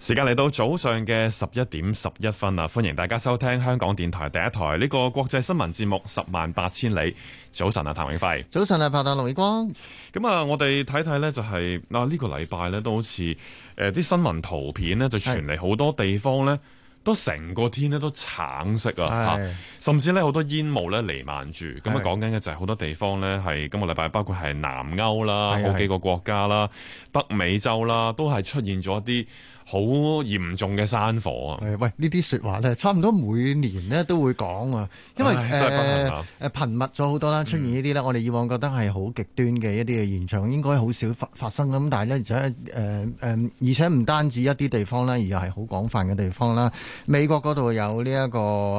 時間嚟到早上嘅十一點十一分啦，歡迎大家收聽香港電台第一台呢個國際新聞節目《十萬八千里》早。早晨啊，譚永輝。早晨啊，拍檔龍偉光。咁啊，我哋睇睇呢，就係、是、啊呢個禮拜呢，都好似誒啲新聞圖片呢，就傳嚟好多地方呢，的都成個天呢都橙色的啊，甚至呢，好多煙霧呢彌漫住。咁啊的，講緊嘅就係好多地方呢，係今個禮拜包括係南歐啦，的好幾個國家啦，的北美洲啦，都係出現咗一啲。好嚴重嘅山火啊！喂，說呢啲説話咧，差唔多每年呢都會講啊，因為誒誒頻密咗好多啦，出現呢啲咧，我哋以往覺得係好極端嘅一啲嘅現象，嗯、應該好少發生咁，但係咧、呃、而且而且唔單止一啲地方啦，而又係好廣泛嘅地方啦。美國嗰度有呢、這、一個、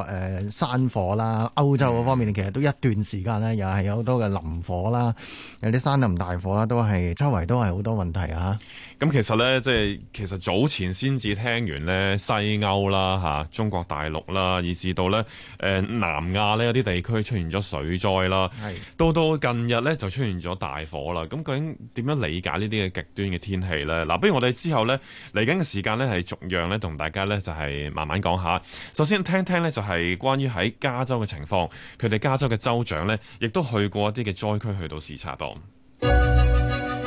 呃、山火啦，歐洲嗰方面其實都一段時間咧，又係有好多嘅林火啦，有啲山林大火啦，都係周圍都係好多問題啊！咁、嗯、其實咧，即係其實早前前先至聽完咧西歐啦嚇、啊，中國大陸啦，以至到咧誒、呃、南亞呢有啲地區出現咗水災啦，到是到近日咧就出現咗大火啦。咁究竟點樣理解呢啲嘅極端嘅天氣咧？嗱、啊，不如我哋之後咧嚟緊嘅時間咧係逐樣咧同大家咧就係、是、慢慢講下。首先聽一聽咧就係、是、關於喺加州嘅情況，佢哋加州嘅州長咧亦都去過一啲嘅災區去到視察檔。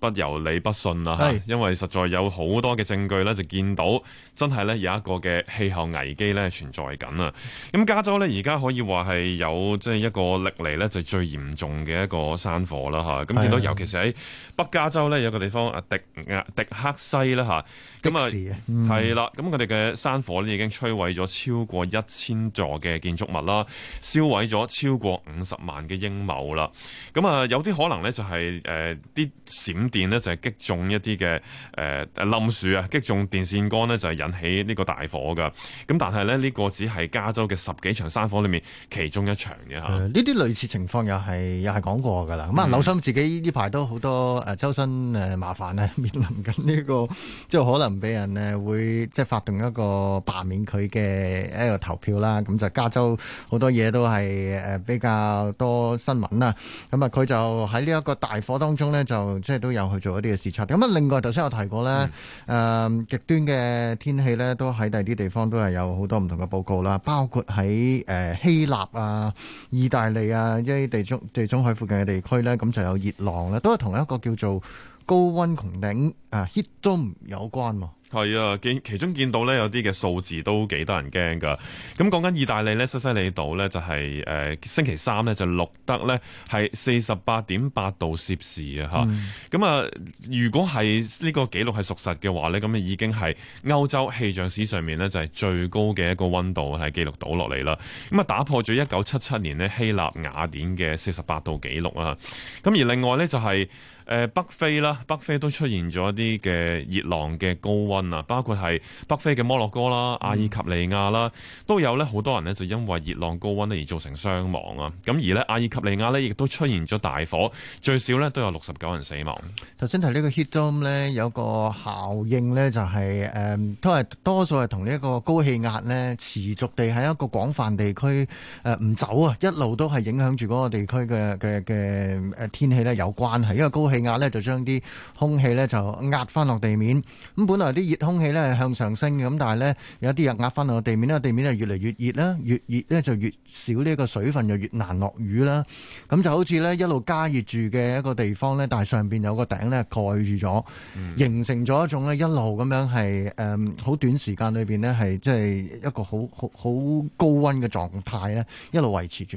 不由你不信啦，吓，因為實在有好多嘅證據咧，就見到真係咧有一個嘅氣候危機咧存在緊啊。咁加州咧而家可以話係有即係一個歷嚟咧就最嚴重嘅一個山火啦，吓的。咁見到尤其是喺北加州咧有個地方啊迪啊迪克西啦，吓。咁啊係啦，咁佢哋嘅山火咧已經摧毀咗超過一千座嘅建築物啦，燒毀咗超過五十萬嘅英畝啦。咁啊有啲可能咧就係誒啲閃。呃電咧就係擊中一啲嘅誒誒冧樹啊，擊、呃、中電線桿咧就係引起呢個大火噶。咁但係咧呢、呢個只係加州嘅十幾場山火裏面其中一場嘅吓。呢啲、呃、類似情況又係又係講過噶啦。咁啊，劉心自己呢排都好多誒、呃、周身誒、呃、麻煩咧，面臨緊呢個即係可能俾人誒會即係發動一個罷免佢嘅一個投票啦。咁就加州好多嘢都係誒比較多新聞啦。咁啊，佢就喺呢一個大火當中咧，就即係都有。又去做一啲嘅視察，咁啊，另外頭先有提過咧，誒極、嗯呃、端嘅天氣咧，都喺第二啲地方都係有好多唔同嘅報告啦，包括喺誒、呃、希臘啊、意大利啊一啲地中地中海附近嘅地區咧，咁就有熱浪啦，都係同一個叫做高温穹頂啊 heat dome 有關。係啊，其中見到咧有啲嘅數字都幾得人驚噶。咁講緊意大利咧，西西里島咧就係、是呃、星期三咧就錄得咧係四十八點八度攝氏啊！咁啊、嗯，如果係呢個記錄係屬實嘅話咧，咁啊已經係歐洲氣象史上面咧就係最高嘅一個温度係記錄到落嚟啦。咁啊打破咗一九七七年咧希臘雅典嘅四十八度記錄啊。咁而另外咧就係、是。誒北非啦，北非都出現咗啲嘅熱浪嘅高温啊，包括係北非嘅摩洛哥啦、阿爾及利亞啦，都有呢好多人呢就因為熱浪高温而造成傷亡啊。咁而呢，阿爾及利亞呢亦都出現咗大火，最少呢都有六十九人死亡。頭先提呢個 heat dome 咧有個效應呢就係誒都係多數係同呢一個高氣壓呢持續地喺一個廣泛地區誒唔走啊，一路都係影響住嗰個地區嘅嘅嘅誒天氣呢有關係，因為高氣壓咧就將啲空氣咧就壓翻落地面，咁本來啲熱空氣咧係向上升嘅，咁但係咧有一啲人壓翻落地面啦，地面咧越嚟越熱啦，越熱咧就越少呢個水分，就越難落雨啦。咁就好似咧一路加熱住嘅一個地方咧，但係上面有個頂咧蓋住咗，嗯、形成咗一種咧一路咁樣係誒好短時間裏面呢係即係一個好好好高温嘅狀態呢一路維持住。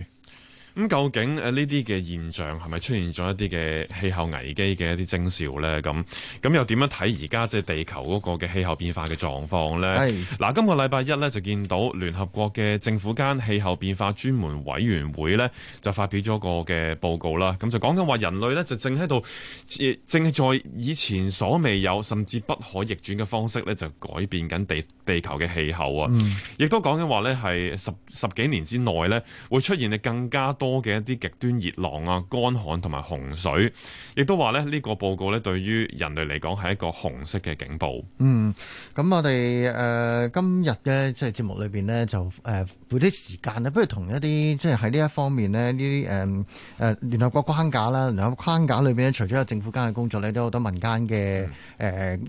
咁究竟誒呢啲嘅現象係咪出現咗一啲嘅氣候危機嘅一啲徵兆呢？咁咁又點樣睇而家即係地球嗰個嘅氣候變化嘅狀況呢？係嗱是，今個禮拜一呢就見到聯合國嘅政府間氣候變化專門委員會呢就發表咗個嘅報告啦。咁就講緊話人類呢就正喺度，正係在以前所未有甚至不可逆轉嘅方式呢，就改變緊地地球嘅氣候啊！亦、嗯、都講緊話呢係十十幾年之內呢，會出現嘅更加多。多嘅一啲極端熱浪啊、乾旱同埋洪水，亦都話咧呢個報告呢對於人類嚟講係一個紅色嘅警報。嗯，咁我哋、呃、今日嘅即係節目裏面呢，就誒撥啲時間呢不如同一啲即係喺呢一方面呢，呢啲誒聯合國框架啦、聯合框架裏邊咧，除咗有政府間嘅工作呢都有好多民間嘅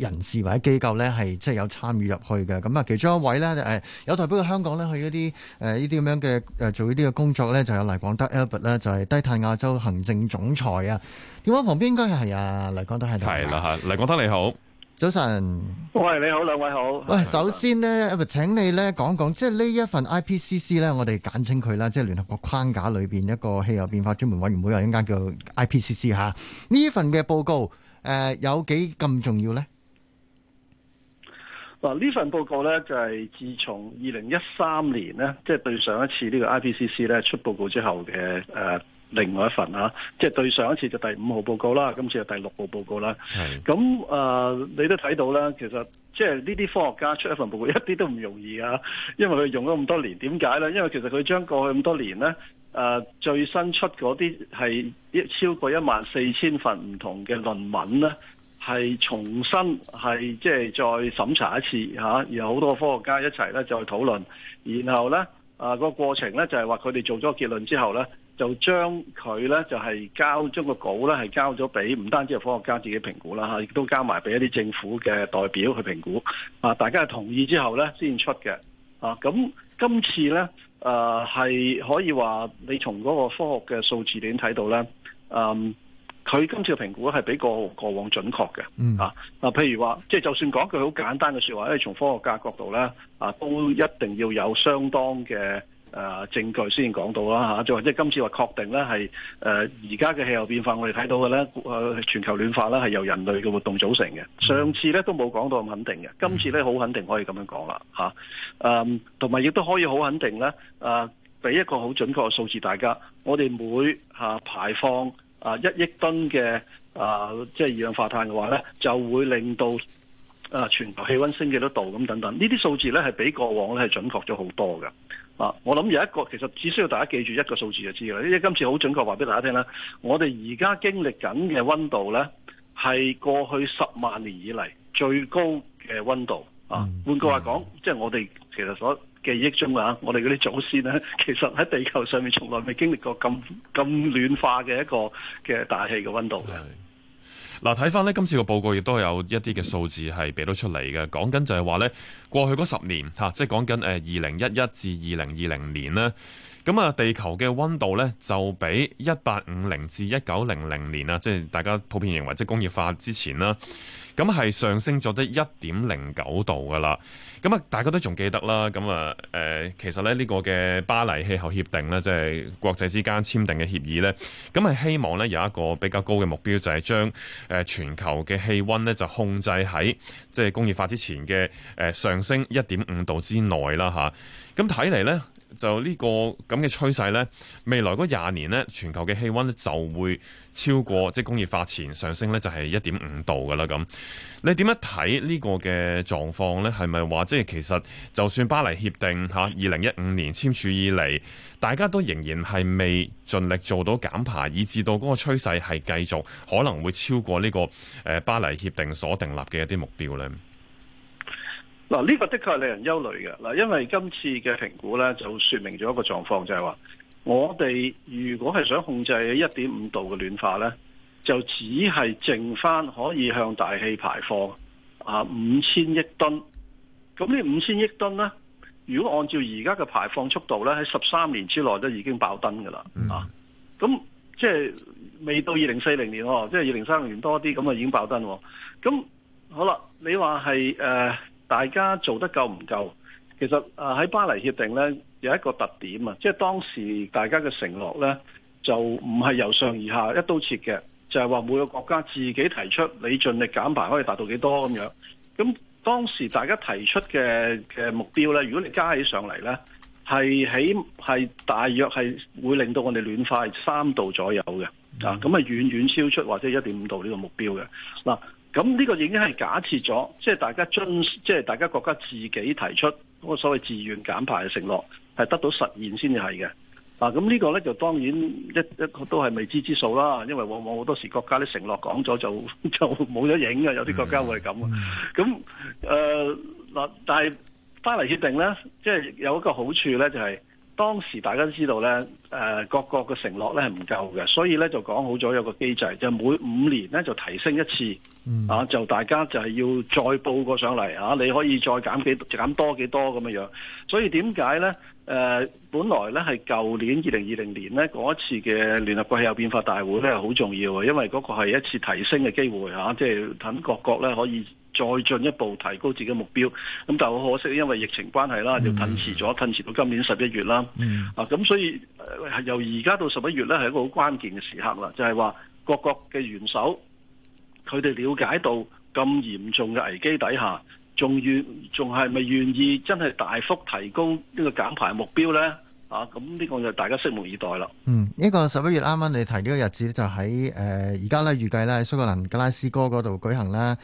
人士或者機構呢，係即係有參與入去嘅。咁啊，其中一位呢，呃、有代表到香港呢，去一啲呢啲咁樣嘅做呢啲嘅工作呢，就有黎廣德。Albert 咧，就係低碳亞洲行政總裁啊，電話旁邊應該係啊，黎廣德喺度，係啦吓，黎廣德你好，早晨，喂，你好，兩位好，喂，首先咧，Albert，請你咧講講，即係呢一份 IPCC 咧，我哋簡稱佢啦，即係聯合國框架裏邊一個氣候變化專門委員會，會有，有一間叫 IPCC 吓，呢份嘅報告，誒，有幾咁重要咧？嗱，呢份報告咧，就係、是、自從二零一三年咧，即、就、係、是、對上一次呢個 IPCC 咧出報告之後嘅誒、呃、另外一份啦，即、啊、係、就是、對上一次就第五號報告啦，今次就第六號報告啦。咁誒是、呃，你都睇到啦，其實即係呢啲科學家出一份報告一啲都唔容易啊，因為佢用咗咁多年，點解咧？因為其實佢將過去咁多年咧誒、呃、最新出嗰啲係一超過一萬四千份唔同嘅論文咧。係重新係即係再審查一次嚇，然後好多科學家一齊咧再討論，然後呢啊、那個過程呢，就係話佢哋做咗結論之後呢，就將佢呢，就係、是、交將、這個稿呢，係交咗俾唔單止係科學家自己評估啦嚇，亦、啊、都交埋俾一啲政府嘅代表去評估啊，大家同意之後呢，先出嘅啊。咁今次呢，啊係可以話你從嗰個科學嘅數字點睇到呢。嗯、啊。佢今次嘅評估係比過過往準確嘅，嗯、啊，嗱，譬如話，即係就算講句好簡單嘅説話咧，因為從科學家角度咧，啊，都一定要有相當嘅誒、呃、證據先講到啦、啊、就或、是、即今次話確定咧係誒而家嘅氣候變化我，我哋睇到嘅咧誒全球暖化咧係由人類嘅活動組成嘅。上次咧都冇講到咁肯定嘅，今次咧好肯定可以咁樣講啦嚇。誒、啊，同埋亦都可以好肯定咧，誒、啊，俾一個好準確嘅數字大家。我哋每、啊、排放。啊，一億噸嘅啊，即係二氧化碳嘅話咧，就會令到啊全球氣温升幾多度咁等等，呢啲數字咧係比過往咧係準確咗好多嘅。啊，我諗有一個其實只需要大家記住一個數字就知㗎。因為今次好準確話俾大家聽啦，我哋而家經歷緊嘅温度咧係過去十萬年以嚟最高嘅温度。啊，嗯、換句話講，嗯、即係我哋其實所。記憶中啊，我哋嗰啲祖先呢、啊，其實喺地球上面從來未經歷過咁咁暖化嘅一個嘅大氣嘅温度嘅。嗱，睇翻呢今次個報告亦都有一啲嘅數字係俾到出嚟嘅，講緊就係話呢，過去嗰十年嚇、啊，即係講緊誒二零一一至二零二零年呢，咁啊地球嘅温度呢，就比一八五零至一九零零年啊，即係大家普遍認為即係工業化之前啦。咁係上升咗得一點零九度噶啦，咁啊，大家都仲記得啦，咁啊、呃，其實咧呢、這個嘅巴黎氣候協定呢，即係國際之間簽訂嘅協議呢，咁係希望呢有一個比較高嘅目標，就係、是、將、呃、全球嘅氣温呢就控制喺即係工業化之前嘅、呃、上升一點五度之內啦嚇。咁睇嚟呢，就、這個、呢個咁嘅趨勢呢，未來嗰廿年呢，全球嘅氣温呢就會超過即係、就是、工業化前上升呢，就係、是、一點五度噶啦咁。你點樣睇呢個嘅狀況呢？係咪話即係其實就算巴黎協定吓二零一五年簽署以嚟，大家都仍然係未盡力做到減排，以至到嗰個趨勢係繼續可能會超過呢個誒巴黎協定所訂立嘅一啲目標呢？嗱，呢個的確係令人憂慮嘅嗱，因為今次嘅評估呢，就說明咗一個狀況，就係話我哋如果係想控制一點五度嘅暖化呢。就只係剩翻可以向大氣排放啊五千億噸，咁呢五千億噸呢，如果按照而家嘅排放速度呢，喺十三年之內都已經爆燈噶啦啊！咁、嗯、即係未到二零四零年喎、哦，即係二零三零年多啲咁啊，就已經爆燈、哦。咁好啦，你話係、呃、大家做得夠唔夠？其實喺、呃、巴黎協定呢，有一個特點啊，即係當時大家嘅承諾呢，就唔係由上而下一刀切嘅。就係話每個國家自己提出，你盡力減排可以達到幾多咁樣？咁當時大家提出嘅嘅目標咧，如果你加起上嚟咧，係喺係大約係會令到我哋暖化三度左右嘅、嗯、啊，咁啊遠遠超出或者一點五度呢個目標嘅嗱。咁、啊、呢個已經係假設咗，即、就、係、是、大家遵，即、就、係、是、大家國家自己提出嗰、那個所謂自願減排嘅承諾，係得到實現先至係嘅。嗱，咁、啊、呢個咧就當然一一個都係未知之數啦，因為往往好多時國家啲承諾講咗就就冇咗影嘅，有啲國家會係咁啊。咁誒嗱，但係巴黎協定咧，即係有一個好處咧，就係。當時大家都知道咧，誒、呃、各國嘅承諾咧係唔夠嘅，所以咧就講好咗有個機制，就是、每五年咧就提升一次，啊就大家就係要再報個上嚟啊，你可以再減幾多減多幾多咁樣樣。所以點解咧？誒、呃，本來咧係舊年二零二零年咧嗰一次嘅聯合國氣候變化大會咧係好重要嘅，因為嗰個係一次提升嘅機會嚇，即係等各國咧可以。再進一步提高自己嘅目標，咁但係好可惜，因為疫情關係啦，就褪遲咗，褪、嗯、遲到今年十一月啦。嗯、啊，咁所以、呃、由而家到十一月呢，係一個好關鍵嘅時刻啦。就係、是、話各國嘅元首，佢哋了解到咁嚴重嘅危機底下，仲願仲係咪願意真係大幅提高呢個減排的目標呢？啊，咁呢個就大家拭目以待啦。嗯，呢、這個十一月啱啱你提呢個日子就喺誒而家呢預計呢，喺蘇格蘭格拉斯哥嗰度舉行啦。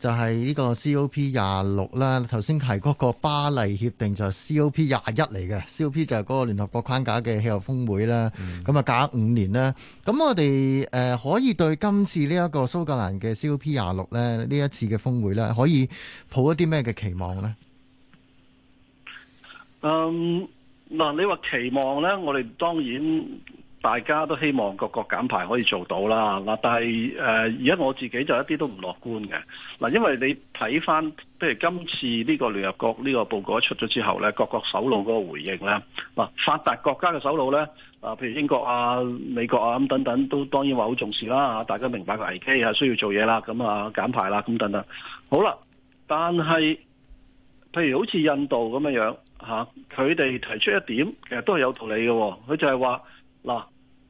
就係呢個 COP 廿六啦，頭先提嗰個巴黎協定就係 COP 廿一嚟嘅，COP 就係嗰個聯合國框架嘅氣候峰會啦。咁啊，隔五年啦。咁我哋誒、呃、可以對今次呢一個蘇格蘭嘅 COP 廿六咧呢一次嘅峰會咧，可以抱一啲咩嘅期望呢？嗯，嗱，你話期望咧，我哋當然。大家都希望各國減排可以做到啦，嗱，但係誒而家我自己就一啲都唔樂觀嘅，嗱、啊，因為你睇返，譬如今次呢個聯合國呢個報告一出咗之後咧，各國首腦嗰個回應咧，嗱、啊，發達國家嘅首腦咧，啊，譬如英國啊、美國啊咁等等，都當然話好重視啦，嚇，大家明白個危機啊，需要做嘢啦，咁啊減排啦，咁等等，好啦，但係譬如好似印度咁樣樣嚇，佢哋提出一點其實都係有道理嘅、啊，佢就係話。嗱，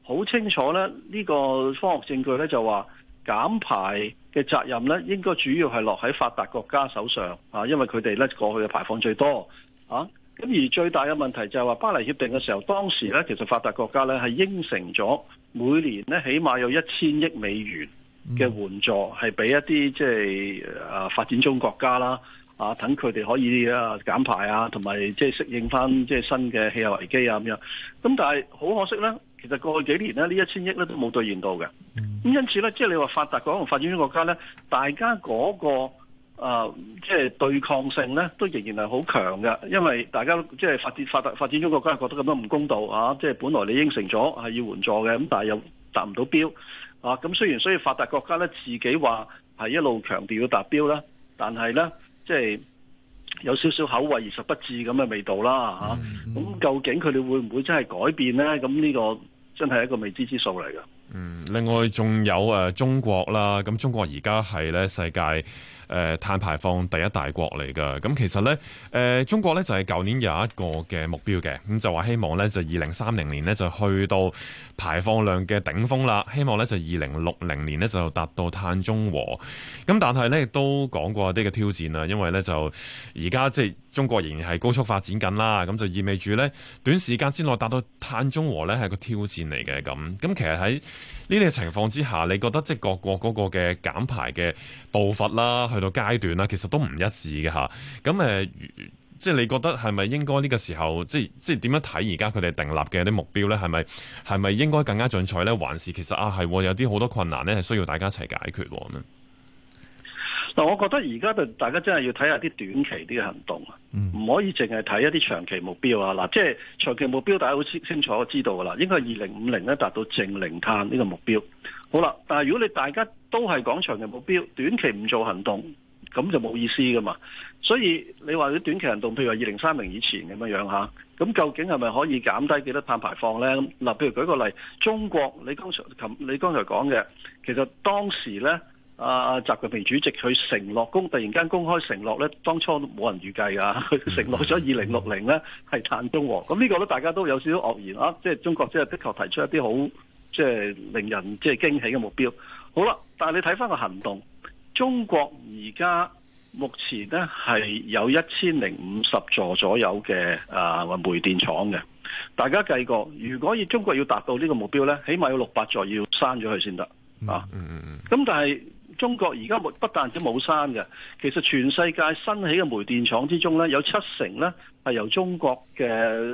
好清楚咧，呢個科學證據咧就話減排嘅責任咧，應該主要係落喺發達國家手上啊，因為佢哋咧過去嘅排放最多啊。咁而最大嘅問題就係話巴黎協定嘅時候，當時咧其實發達國家咧係應承咗每年咧起碼有一千億美元嘅援助，係俾一啲即係啊，發展中國家啦。啊！等佢哋可以啊減排啊，同埋即係適應翻即係新嘅氣候危機啊咁樣。咁但係好可惜咧，其實過去幾年咧，呢一千億咧都冇兌現到嘅。咁因此咧，即係你話發達國同發展中國家咧，大家嗰個呃即係對抗性咧，都仍然係好強嘅。因為大家即係發達、發達、發展中國家覺得咁樣唔公道啊，即係本來你應承咗係要援助嘅，咁但係又達唔到標啊。咁雖然所以發達國家咧自己話係一路強調要達標啦，但係咧。即係有少少口惠而實不至咁嘅味道啦吓，咁究竟佢哋會唔會真係改變咧？咁呢個真係一個未知之數嚟嘅。嗯，另外仲有誒、呃、中國啦，咁、嗯、中國而家係咧世界誒、呃、碳排放第一大國嚟噶，咁、嗯、其實咧誒、呃、中國咧就係舊年有一個嘅目標嘅，咁、嗯、就話希望咧就二零三零年咧就去到排放量嘅頂峰啦，希望咧就二零六零年咧就達到碳中和，咁、嗯、但係咧亦都講過一啲嘅挑戰啦，因為咧就而家即係。就是中國仍然係高速發展緊啦，咁就意味住呢，短時間之內達到碳中和呢係個挑戰嚟嘅咁。咁其實喺呢啲情況之下，你覺得即係各國嗰個嘅減排嘅步伐啦，去到階段啦，其實都唔一致嘅吓，咁誒，即係你覺得係咪應該呢個時候，即係即係點樣睇而家佢哋訂立嘅啲目標呢？係咪係咪應該更加進取呢？還是其實啊係有啲好多困難呢？係需要大家一齊解決咁啊？嗱，我覺得而家就大家真係要睇下啲短期啲嘅行動啊，唔可以淨係睇一啲長期目標啊。嗱，即係長期目標大家好清清楚知道噶啦，應該係二零五零咧達到淨零碳呢個目標。好啦，但係如果你大家都係講長期目標，短期唔做行動，咁就冇意思噶嘛。所以你話啲短期行動，譬如話二零三零以前咁樣樣嚇，咁究竟係咪可以減低幾多碳排放咧？嗱，譬如舉個例，中國你剛才琴你剛才講嘅，其實當時咧。阿習近平主席佢承諾公突然間公開承諾咧，當初冇人預計啊，佢承諾咗二零六零咧係碳中和，咁呢個咧大家都有少少愕然啊。即係中國即係的確提出一啲好即係令人即係驚喜嘅目標。好啦，但係你睇翻個行動，中國而家目前呢係有一千零五十座左右嘅啊煤電廠嘅，大家計過，如果要中國要達到呢個目標咧，起碼有六百座要刪咗佢先得啊。嗯嗯嗯，咁但係。中國而家不但止冇山嘅，其實全世界新起嘅煤電廠之中咧，有七成咧係由中國嘅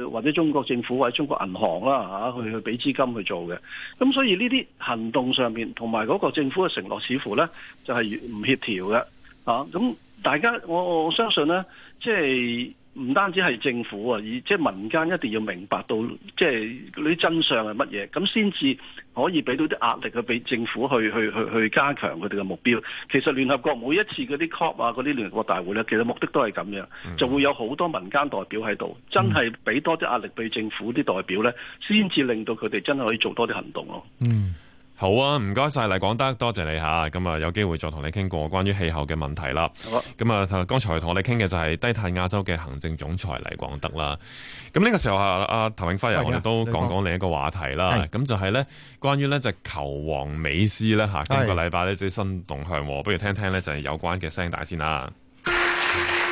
或者中國政府或者中國銀行啦、啊、嚇去去俾資金去做嘅。咁所以呢啲行動上面同埋嗰個政府嘅承諾，似乎咧就係、是、唔協調嘅嚇。咁、啊、大家我我相信咧，即係。唔單止係政府啊，而即係民間一定要明白到即係嗰啲真相係乜嘢，咁先至可以俾到啲壓力去俾政府去去去去加強佢哋嘅目標。其實聯合國每一次嗰啲 cop 啊，嗰啲聯合國大會咧，其實目的都係咁樣，就會有好多民間代表喺度，真係俾多啲壓力俾政府啲代表咧，先至、嗯、令到佢哋真係可以做多啲行動咯。嗯。好啊，唔該晒黎廣德，多謝你吓、啊，咁啊有機會再同你傾過關於氣候嘅問題啦。好、啊，咁啊剛才同我哋傾嘅就係低碳亞洲嘅行政總裁黎廣德啦。咁呢個時候啊，阿譚永輝我哋們都講講你說 另一個話題啦。咁的就係咧，關於咧就係球王美斯咧吓，今個禮拜咧最新動向，不如聽聽咧就係、是、有關嘅聲帶先啦。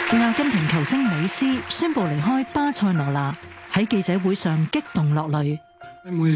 阿根廷球星美斯宣布離開巴塞羅那，喺記者會上激動落淚。每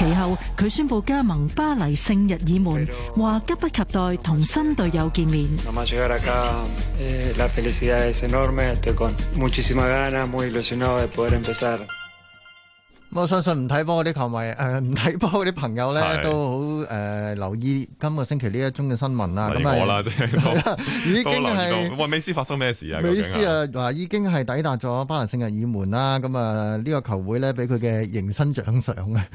其後，佢宣布加盟巴黎聖日耳門，話是急不及待同新隊友見面。我相信唔睇波嗰啲球迷，唔睇波嗰啲朋友咧，是都好誒、呃、留意今個星期呢一宗嘅新聞啦。咁啊，已經係喂美斯發生咩事啊？美斯啊，嗱已經係抵達咗巴黎聖日耳門啦。咁啊，呢個球會咧，俾佢嘅迎新獎賞咧，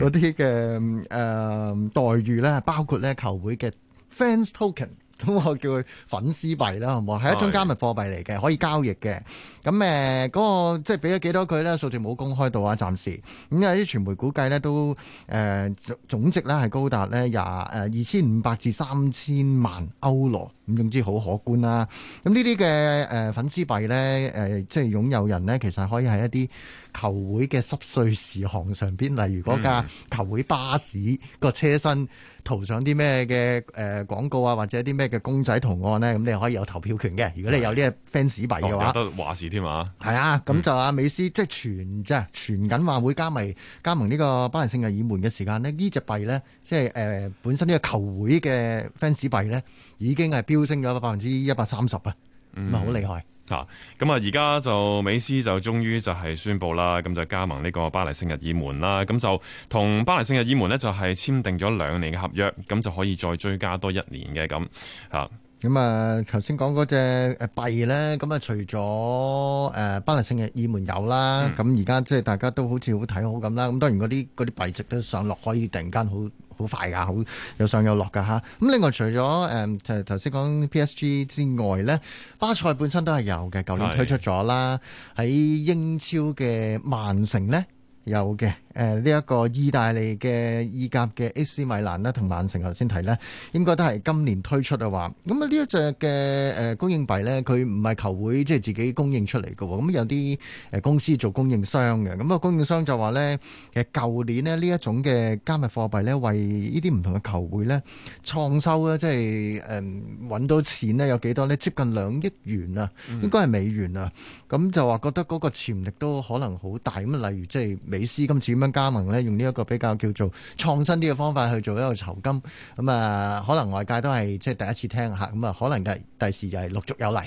嗰啲嘅誒待遇咧，包括咧球會嘅 fans token。咁我叫佢粉絲幣啦，好唔好？係一種加密貨幣嚟嘅，可以交易嘅。咁、那、誒、個，嗰個即係俾咗幾多佢咧？數字冇公開到啊，暫時咁有啲傳媒估計咧，都誒總總值咧係高達咧廿誒二千五百至三千萬歐羅。總之好可觀啦！咁呢啲嘅粉絲幣咧，即係擁有人咧，其實可以喺一啲球會嘅濕碎事項上邊，例如嗰架球會巴士個車身塗上啲咩嘅誒廣告啊，或者啲咩嘅公仔圖案咧，咁你可以有投票權嘅。如果你有呢個 fans 幣嘅話，有得話事添啊！係啊，咁就阿美斯即係傳即係傳緊話會加埋加盟呢個巴黎聖日耳門嘅時間呢。呢隻幣咧，即係、呃、本身呢個球會嘅 fans 幣咧。已經係飆升咗百分之一百三十啊！咁啊，好厲害嚇！咁啊，而家就美斯就終於就係宣佈啦，咁就加盟呢個巴黎聖日耳門啦。咁就同巴黎聖日耳門呢，就係簽訂咗兩年嘅合約，咁就可以再追加多一年嘅咁嚇。咁啊，頭先講嗰隻幣咧，咁啊，就除咗誒、呃、巴黎聖日耳門有啦，咁而家即係大家都好似好睇好咁啦。咁當然嗰啲啲幣值都上落可以突然間好。好快噶，好有上有落噶吓，咁另外除咗誒就頭先講 PSG 之外咧，巴塞本身都係有嘅，舊年推出咗啦。喺的英超嘅曼城咧，有嘅。誒呢一個意大利嘅意甲嘅 AC 米蘭咧，同曼城頭先提呢應該都係今年推出嘅話，咁啊呢一隻嘅誒供應幣呢佢唔係球會即係自己供應出嚟嘅，咁、嗯、有啲誒、呃、公司做供應商嘅，咁、嗯、啊供應商就話呢，誒舊年咧呢呢一種嘅加密貨幣呢為呢啲唔同嘅球會呢創收啊，即係誒揾到錢呢有幾多呢？接近兩億元啊，嗯、應該係美元啊，咁、嗯、就話覺得嗰個潛力都可能好大，咁啊例如即係美斯今次。咁樣加盟咧，用呢一個比較叫做創新啲嘅方法去做一個籌金，咁、嗯、啊，可能外界都係即係第一次聽吓，咁、嗯、啊，可能第第時就係陸續有嚟。